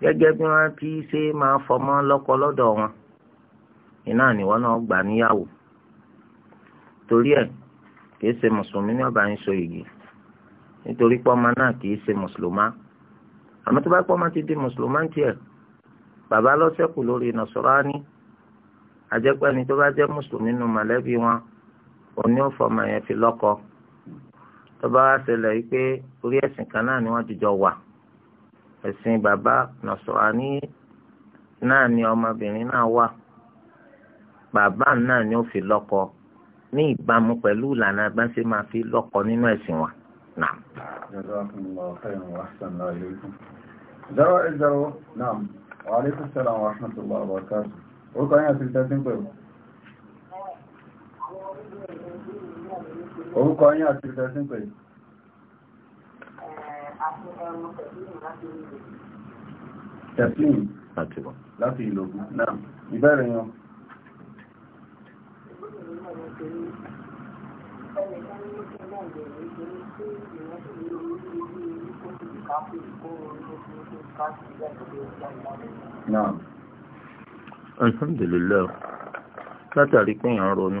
gẹ́gẹ́ bí wọ́n ti ṣe máa fọmọ lọ́kọ lọ́dọ̀ wọn iná níwọ náà gbà níyàwó torí ẹ̀ kìí ṣe mùsùlùmí ní ọba ń so yìí nítorí pọ́nmọ náà kìí ṣe mùsùlùmá àmọ́ tó bá pọ́nmọ ti di mùsùlùmá ń tiẹ̀ bàbá lọ́sẹ̀kù lórí nasrani àjẹpẹ́ni tó bá jẹ́ mùsùlùmí nínú mọ̀lẹ́bí wọn òní ò fọmọ yẹn fi lọ́kọ tó bá wá ṣẹlẹ̀ wípé orí ẹ̀sìn kan náà ni wọ́n ti jọ wà ẹ̀sìn bàbá nọ̀sọ̀rání náà ni ọmọbìnrin náà wà bàbá náà ni ó fi lọ́kọ ní ìbámu pẹ̀lú ìlànà bá ṣe máa fi lọ́kọ nínú ẹ̀sìn wa. Naam. Jazakumullahu khairan wa ahsana ilaykum. Zero eight zero. Naam. Wa alaykum salaam wa rahmatullahi wa barakatuh. Orúkọ yẹn àti ìtẹ́sí ń pẹ̀lú. Orúkọ yín àti ìfẹ́sìn pẹ̀lú. Tẹ̀sìn láti ìlògún náà. Ìbẹ̀rẹ̀ yan. Náà. Alhamdulillah. Látàrí pé èèyàn ronú.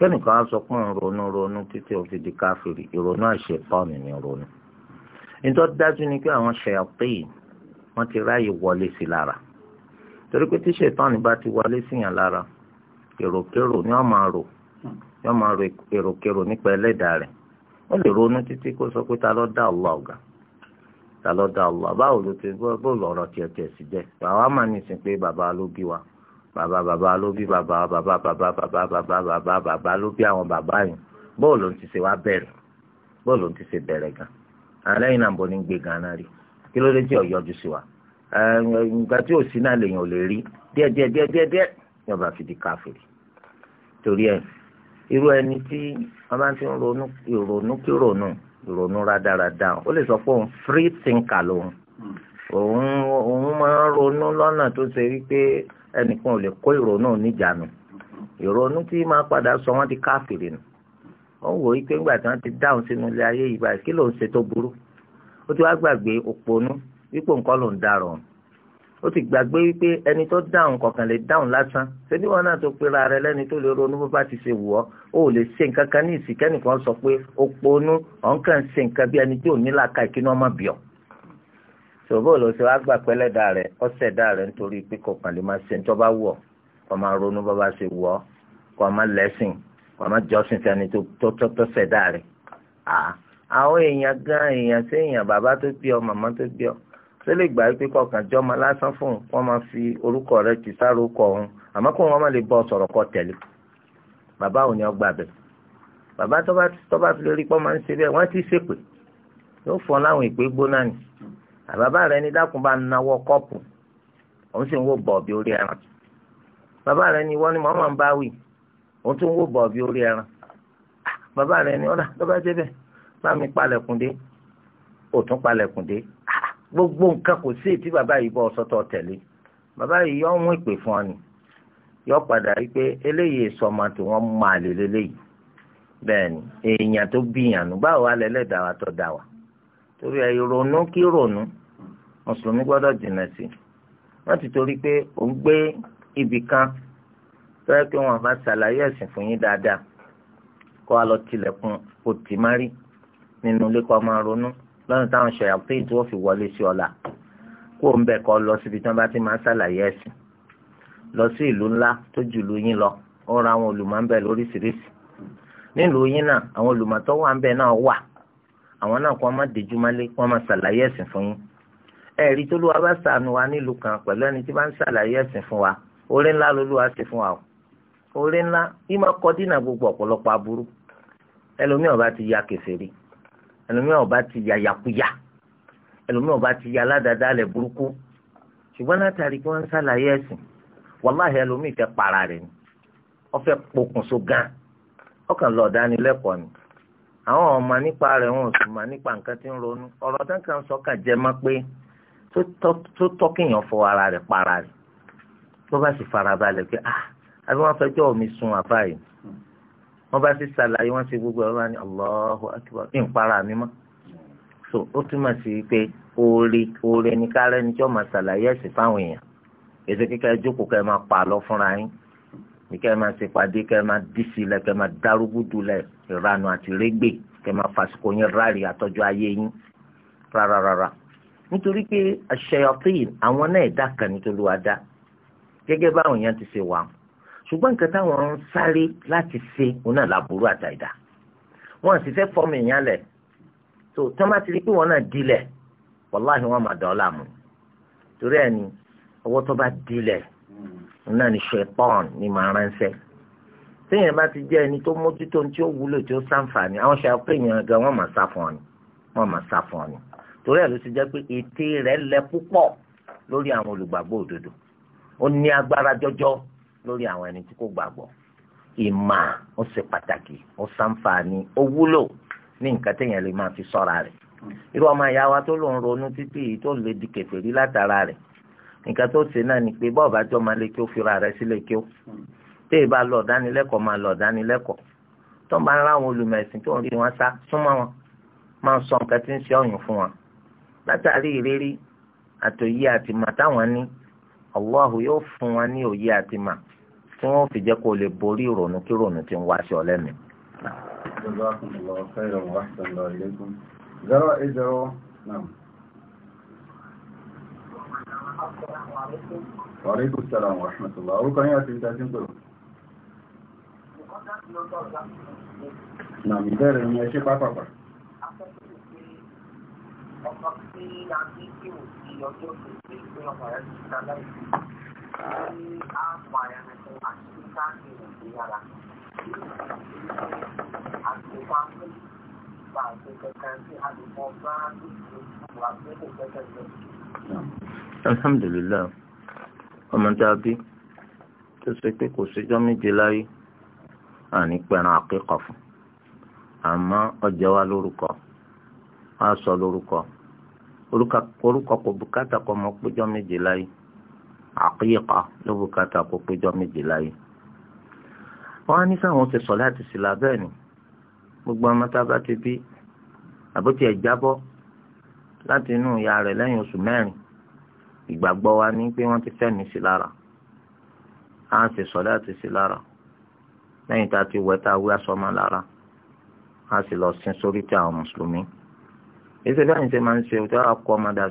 kẹ́nìkan á sọ pé òun ronú ronú títí ó fi di káfíìrì ìrònú àṣepọ́ọ̀nù ni ronú. nítorí dájú ni pé àwọn ṣèyàpéyì wọ́n ti ráàyè wọlé sí lára torí pé tí ṣètọ́ọ̀nù bá ti wọlé síyàn lára èròkérò ni wọ́n máa rò wọ́n máa rò èròkérò nípa ẹlẹ́dàá rẹ̀ wọ́n lè ronú títí kó sọ pé ta ló dá Allah ọ̀gá ta ló dá Allah báwo ló ti bó lọ́rọ̀ tiẹ̀ tiẹ̀ sí jẹ́ bàbá bàbá ló bí bàbá bàbá bàbá bàbá bàbá bàbá bàbá ló bí àwọn bàbá yìí bóòlù ti ṣe wá bẹ̀rẹ̀ bóòlù ti ṣe bẹ̀rẹ̀ gan àlẹ́yìn náà bọ́ ní gbé gan náà rí kí ló dé tí ọ̀yọ́jú sí wa nǹkan tí ò sí náà lèèyàn ò lè rí díẹ̀ díẹ̀ díẹ̀ díẹ̀ díẹ̀ yóò bá fi di káfíìrì torí ẹ̀ irú ẹni tí wọ́n bá ti ń ronú ìrònúkìrònú ìrònú rádaràda ó lè sọ pé òun free thinker lòun hmm. òun òun máa ń ronú lọ́nà tó ṣe wípé ẹnìkan ò lè kó ìrònú níjànú ìrònú tí máa padà sọ wọ́n di káfìrì nù ó ń wò ó pé ńgbà tí wọ́n ti dáhùn sínú ilé ayé yìí báyìí kí ló ń ṣe tó burú ó ti wá gbàgbé òpònú wípé nǹkan ló ń darọ̀ ọ̀hún ó ti gbàgbé wípé ẹni tó dáhùn kọ̀ọ̀kan lè dáhùn lásán ṣébí wọn náà tó pera rẹ lẹ́ni tó lè ronú bó bá ti ṣe wù ọ́ ó lè ṣe nǹkan kan ní ìsìnkẹ́nìkan sọ pé òpònú ọ̀nkàn ṣe nǹkan bí ẹni tí ò ní làákà ìkíni ọmọ bíọ̀ ṣòbó ló ṣe wá gbà pẹ́lẹ́dà rẹ̀ ọ̀ṣẹ̀dá rẹ̀ nítorí pé kò kàn lè máa ṣe tó bá wù ọ́ kó máa ronú bó bá ṣe wù ọ́ kó máa lẹ́sìn kó máa jọ́sìn fẹ́ni tó tó ṣẹ̀dá rẹ̀ àwọn èèyàn gan èèyàn sí èèyàn bàbá tó bí ọ màmá tó bí ọ ṣé lè gbà pé kọkàn jọmọ lásán fún un kó máa fi orúkọ rẹ̀ ti sáré orúkọ ọ̀hún àmọ́ kó wọn má lè bọ́ sọ̀rọ̀ kọ tẹ̀lé bàbá ò ní ọgbà bẹ̀ bàbá tó bá fi lè rí pọ́ máa ń ṣe bẹ́ẹ̀ wọ́n ti ṣépè yóò fọ́ láwọn ìpè gbóná ni àbàbà rẹ ní dákun bá náwó kọ́ọ̀pù òun sì ń wò bọ̀ọ̀bì orí ẹran bàbá rẹ ni wọ́n ní màmá ń bá wì òun tún wò bọ̀ọ̀bì orí ẹran bàbá rẹ ni ọ̀dà lọ́ba jẹ́ bẹ́ẹ̀ bá mi palẹ̀kùn dé òtún palẹ̀kùn dé gbogbo nǹkan kò sí ètí bàbá yìí bọ́ sọ́tọ̀ tẹ̀lé bàbá yìí yọ ń pè fún ọ ni yọ padà rí pé eléyìí sọmọ tí wọ́n máa lè lélẹ́yìí bẹ́ẹ̀ ni èèyàn tó bíyàn báwo alẹ́ lẹ́dàá wa tó dá wa torí ẹ ìrònú kí rònú mùsùlùmí gbọ́dọ̀ jìnnà sí wọ́n ti torí pé ò ń gbé ibì kan tọ́yẹ pé wọn bá ṣàlàyé ẹ̀sìn fún yín dáadáa kó a lọ tilẹ̀kùn kò tì má rí nínú ilé kó a máa ronú lọ́nà táwọn ṣẹ̀yà pé tí wọ́n fi wọlé sí ọ̀la kó o ń bẹ̀ kọ́ lọ síbi tí wọ́n bá ti máa ṣàlàyé ẹ̀sìn lọ sí ìlú ńlá tó jù lú yín lọ ó ra àwọn olùmọ̀ ń bẹ lóríṣiríṣi nílùú yín náà àwọn olùmọ̀ tó wà ń bẹ náà wà àwọn náà kó má dejú málé kó má ṣàlàyé ẹ̀sìn fún yín ẹ̀rí tó lùwà bá ṣàánú wa nílùú kan pẹ̀lú ẹni tí bá ń ṣàlàyé ẹ̀sìn fún wa oore ńlá lolúwa ṣe fún wa o oore ńlá yìí máa kọ dínà gbogbo ọ̀pọ̀lọpọ̀ aburú ẹlòmíì ọba ti ya kèfèrí ẹlòmíì ọba ti ya yakuya ẹlòmíì ọba ti ya aládàáda alẹ burúkú ṣùgbọ́n látàrí kí wọ́n ń ṣàlàyé ẹ̀sìn wàláhì ẹlòmíì fẹ́ para rẹ̀ ni wọ́n fẹ́ pokùnso gan ọkàn lọ́ọ̀dánilẹ́kọ̀ọ́ ni àwọn ọmọ nípa rẹ̀ wọn ò sì mọ nípa nǹkan tí ń ronú ọ̀rọ̀ tán kan sọ kà jẹ́ mọ́ pé tó tọ́ kéèyàn fọ ara rẹ̀ para rẹ̀ tó bá sì farabalẹ̀ pé ah àbí wọ́n fẹjọ́ mi sun àbá yìí wọ́n bá sì ṣàlàyé wọ́n sì gbogbo ọ̀rọ̀ ní Allahu akbar ní ìpara mi mọ́ so ó túmọ̀ sí pé oore oore ní kárẹ́ni tí ṣàlàyé ẹ̀sìn fáwọn èèyàn ètò kíkà ẹjọ́ kò kẹ́ máa pa lọ fúnra yín ní kẹ́ ẹ máa ṣe pàdé kẹ́ ẹ máa dísì lẹ kẹ́ ẹ máa darúgúdù lẹ ìranu àti régbè kẹ́ ẹ máa fàṣìkò yín ráàlì àtọ́jú ayé yín rárá rárá nítorí pé aṣèyàpín àwọn náà ẹ̀dá kan nítorí wa dá gẹ́gẹ́ báwọn èèyàn ti ṣe wà ṣùgbọ́n nǹkan táwọn ń sáré láti ṣe òun náà làbúrú àtàìdá wọn sì fẹ́ fọ́ọ̀mù èèyàn lẹ̀ tó tán bá ti rí pé wọn náà dilẹ̀ wàláhì wọn máa dán ọ́ láàmú torí ẹni ọwọ́ tó bá dilẹ̀ náà ni ṣẹpọ́n ni màá ránṣẹ́ téèyàn bá ti jẹ́ ẹni tó mójútó tí ó wúlò tí ó sàǹfààní àwọn ṣàpè yẹn gan wọ́n máa sá fún ọ ni wọ́n máa sá fún ọ ni torí ẹ̀ ló ti jẹ́ pé ète rẹ̀ lẹ púpọ̀ lórí àwọn olùgbàgbọ́ òdodo ó ní agbára jọjọ lórí àwọn ẹni tí kò gbàgbọ́ ìmà ó ṣe pàtàkì ó sàǹfààní ó wúlò ní nǹkan téèyàn lè máa fi sọ́ra rẹ̀ irú ọmọ ìyá wa tó lòun ronú títí tó lè di kèfèrí látara rẹ̀ nǹkan tó ṣe náà ni pé bọ́ọ̀ bá jọ máa lè kí ó fira rẹ̀ sílé kí ó tẹ́ ẹ bá lọ dánilẹ́kọ̀ọ́ máa lọ dánilẹ́kọ̀ọ́ tó ń bá ń ráwọn olùmẹ̀sìn tó ń rí wọn sá súnmọ́ wọn máa ń sọ nǹkan tí ń ṣe ọ̀yàn fún wọn látàrí ìrírí àtòyí àtìmọ̀ táwọn ní Allahu yóò fún wọn ní òye àtìmọ̀ tí wọ́n fi jẹ́ kó lè borí ìrònú kí ìrònú ti ń wá sí ọlẹ́mi. zero eight zero nine. Wàríkù sára àwọn àṣmàtàlá. Orúkọ yín àti ìta tí ń pèrò. Nàmì bẹ̀rẹ̀ ní ẹṣẹ́ pápápá. Àwọn alhamdulilayi ọmọ tá a bí tó ṣe pé kò síjọ́ méje láyé àní pẹ̀ràn àkẹ́kọ̀ọ́ fún àmọ́ ọjà wa lórúkọ a sọ lórúkọ orúkọ kò bùkátà kọ mọ péjọ méje láyé àkíyèkọ ló bùkátà kò péjọ méje láyé. wọ́n á ní sáwọn ti sọ láti sí lábẹ́ ni gbogbo ọmọ tá a bá ti bí àbótiẹ̀ jábọ́ láti inú ìyá rẹ̀ lẹ́yìn oṣù mẹ́rin ìgbàgbọ́ wa ní pé wọ́n ti fẹ́mi sí lára a ń ṣe àti sí lára lẹ́yìn tá a ti wẹ̀ tá a lára a sì lọ sin sórí tí àwọn mùsùlùmí èsì báyìí ṣe máa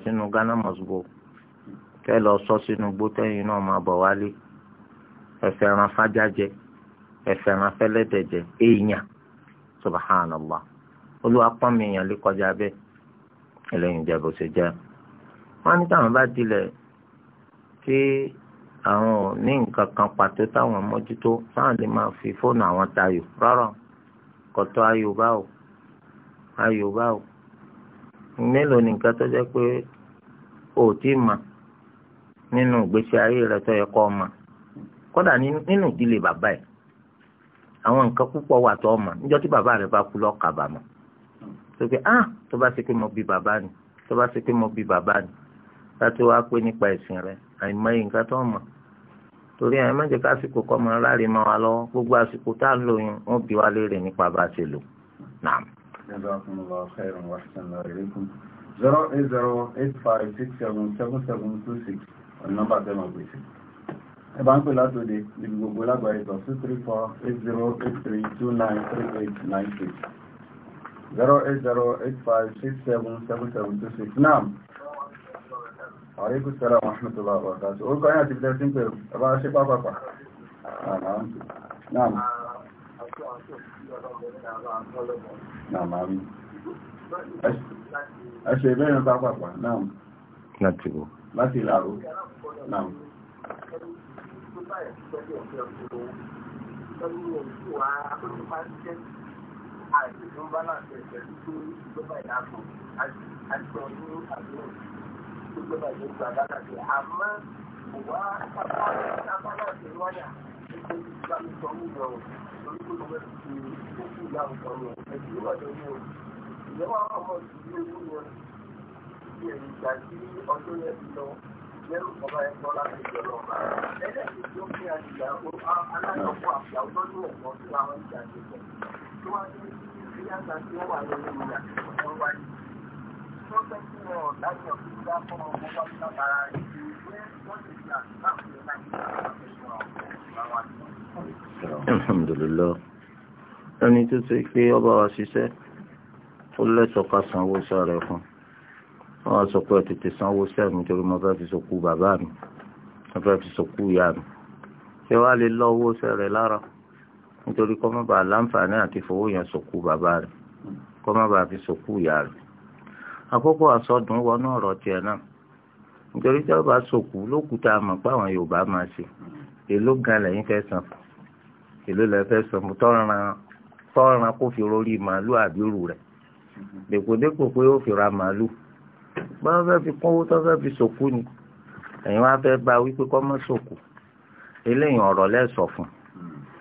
sínú Ghana lọ sọ sínú gbótẹ́yìn náà wálé ẹ̀fẹ̀ ran ẹ̀fẹ̀ ran èèyàn ẹlẹ́yin ìjẹ́bù ṣe jẹ́ wọ́n ní dile bá dilẹ̀ tí àwọn ò ní nǹkan kan pàtó táwọn mójútó táwọn lè máa fi fóònù àwọn tayò rárá kọ̀tọ́ ayò báwò ayò báwò mélòó ni nǹkan tó jẹ́ pé o ò tí ì mà nínú ìgbésí ayé rẹ tó yẹ kó o mà kódà nínú ìdílé bàbá ẹ̀ àwọn nǹkan púpọ̀ wà tó mà níjọ́ tí sọ pé ah tó bá ṣe pé mo bí bàbá ni tó bá ṣe pé mo bí bàbá ni láti wá pé nípa ẹ̀sìn rẹ àìmọye nǹkan tó mọ̀ torí àwọn ẹ̀mẹ́jẹ̀ kásìkò kọ́ mọ láre mọ́ wa lọ́wọ́ gbogbo àsìkò tá à ń lò yín wọ́n bí wa léèrè nípa bá a ṣe lò náà. zero eight zero eight five six seven seven seven two six ọ̀nà nọ́mbà tẹ́ mọ̀ gbèsè ẹ bá ń pè látòde níbi gbogbo lágbàáyé tó two three four eight zero eight three two nine three eight nine six. 08085677726 náà àríkù sẹ́lá mọ̀ṣúnmọ̀tòlá ọ̀rọ̀ta tí ó kọ́ yá ti bẹ́ẹ̀ sí pé ọba ṣe pápápá náà mami ẹṣẹ́ ìbẹ̀rẹ̀ pápápá náà láti ìlú láti ìlàrú náà Thank you àti tó ń bá náà ṣe pẹ̀lú tó ìjọba ìdáàbò àjọ ní àdúrà tó gbọ́dọ̀ ìjọ gbà bá náà ṣe àmọ́ kò wá sábà sábà náà ṣe wáyà nípa ìgbà ìtọ́ mú lọ lórí tó lọ́wọ́ ti òkú ìyá ọ̀tọ̀ rẹ̀ ẹ̀sìn wà lórí o ìyẹ́wà ọmọ ìdílé owó yẹn ti ẹ̀yìn ìgbà tí ọjọ́ yẹn ti lọ lẹ́rù ọba ẹ̀ tọ́ láti jọ lọ. ẹlẹ́sìn tó fi àjìyà aláyọ̀kọ́ àti àwùjọ ní alhamdulillah ẹni tó ṣe pé ọba wa ṣiṣẹ́ ó lẹ́tọ̀ọ́ ká sanwó sáré fún wọ́n á sọ pé tètè sanwó sẹ́ẹ̀ nítorí mo fẹ́ fi sọkú bàbá mi mo fẹ́ fi sọkú ìyá mi ṣé wàá lè lọ owó sẹ́rẹ̀ lára nítorí kọ́ mọ́ba láǹfààní àti fowó yẹn sòkú bàbá rẹ̀ kọ́ mọ́ba àfi sòkú ìyá rẹ̀ àkókò àsọdùn wọnú ọ̀rọ̀ tiẹ̀ náà nítorí tí wọ́n bá sòkú lókùtà àmọ̀ páwọn Yorùbá máa ṣe èló gan lẹ́yìn fẹ́ san fún èló lẹ́yìn fẹ́ san fún tọ́ran kó fi rórí màálù àbírù rẹ̀ dèpòdépò pé ó fi ra màálù báwọn fẹ́ fi kówó tó fẹ́ fi sòkú ni ẹ̀yin wá fẹ́ bá wípé kọ́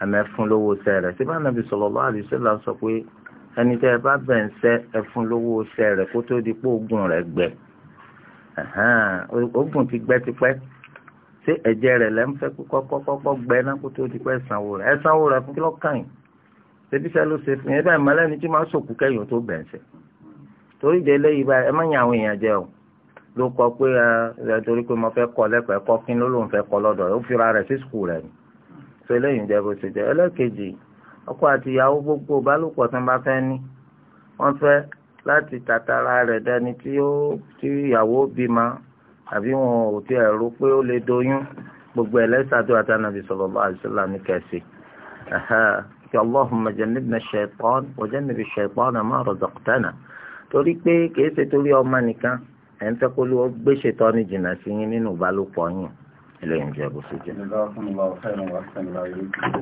àmọ́ ẹ fún lówó iṣẹ́ rẹ̀ síbá nàbì sallallahu alaihi wasallam sọ pé ẹni tẹ́ ẹ bá bẹ̀ ń sẹ́ ẹ fún lówó iṣẹ́ rẹ̀ kó tó di pé oògùn rẹ̀ gbẹ oògùn ti gbẹ tipẹ́ ṣé ẹ̀jẹ̀ rẹ̀ lẹ́ ń fẹ́ kọ́kọ́kọ́ gbẹ náà kó tó di pé ẹ̀sánwó rẹ̀ ẹ̀sánwó rẹ̀ fún kí lọ́kàn yìí ṣebí sẹ́ ló ṣe fún yẹn bẹ́ẹ̀ mọ́lẹ́ni tí máa ń kẹ́yìn tó bẹ̀ ń torí de eléyìí báyìí ẹ má yàn àwọn èèyàn jẹ o ló kọ pé ẹ torí pé mo fẹ́ kọ́ lẹ́kọ̀ọ́ ẹ̀kọ́ kí ló lóun fẹ́ kọ́ lọ́dọ̀ ó fira rẹ̀ sí skul rẹ̀ ni sọ eléyìí jẹ́ bó ṣe jẹ́ ẹlẹ́kejì ọkọ àti ìyàwó gbogbo ìbálòpọ̀ tí wọ́n bá fẹ́ ní wọ́n fẹ́ láti tàtàrà rẹ̀ dání tí ìyàwó bímọ àbí wọn ò tiẹ̀ rò pé ó lè doyún gbogbo ẹlẹ́sàdó àtànàbì sallallahu alaihi wasallam ní kẹsì kí Allahumma jannibna ash-shaytan wa jannibi ash ma razaqtana torí pé kìí ṣe torí ọmọ nìkan ẹ̀ ń fẹ́ kó ló gbé ṣètọ́ ní jìnnà sí yín nínú ìbálòpọ̀ yín eléyìí ń jẹ́ bó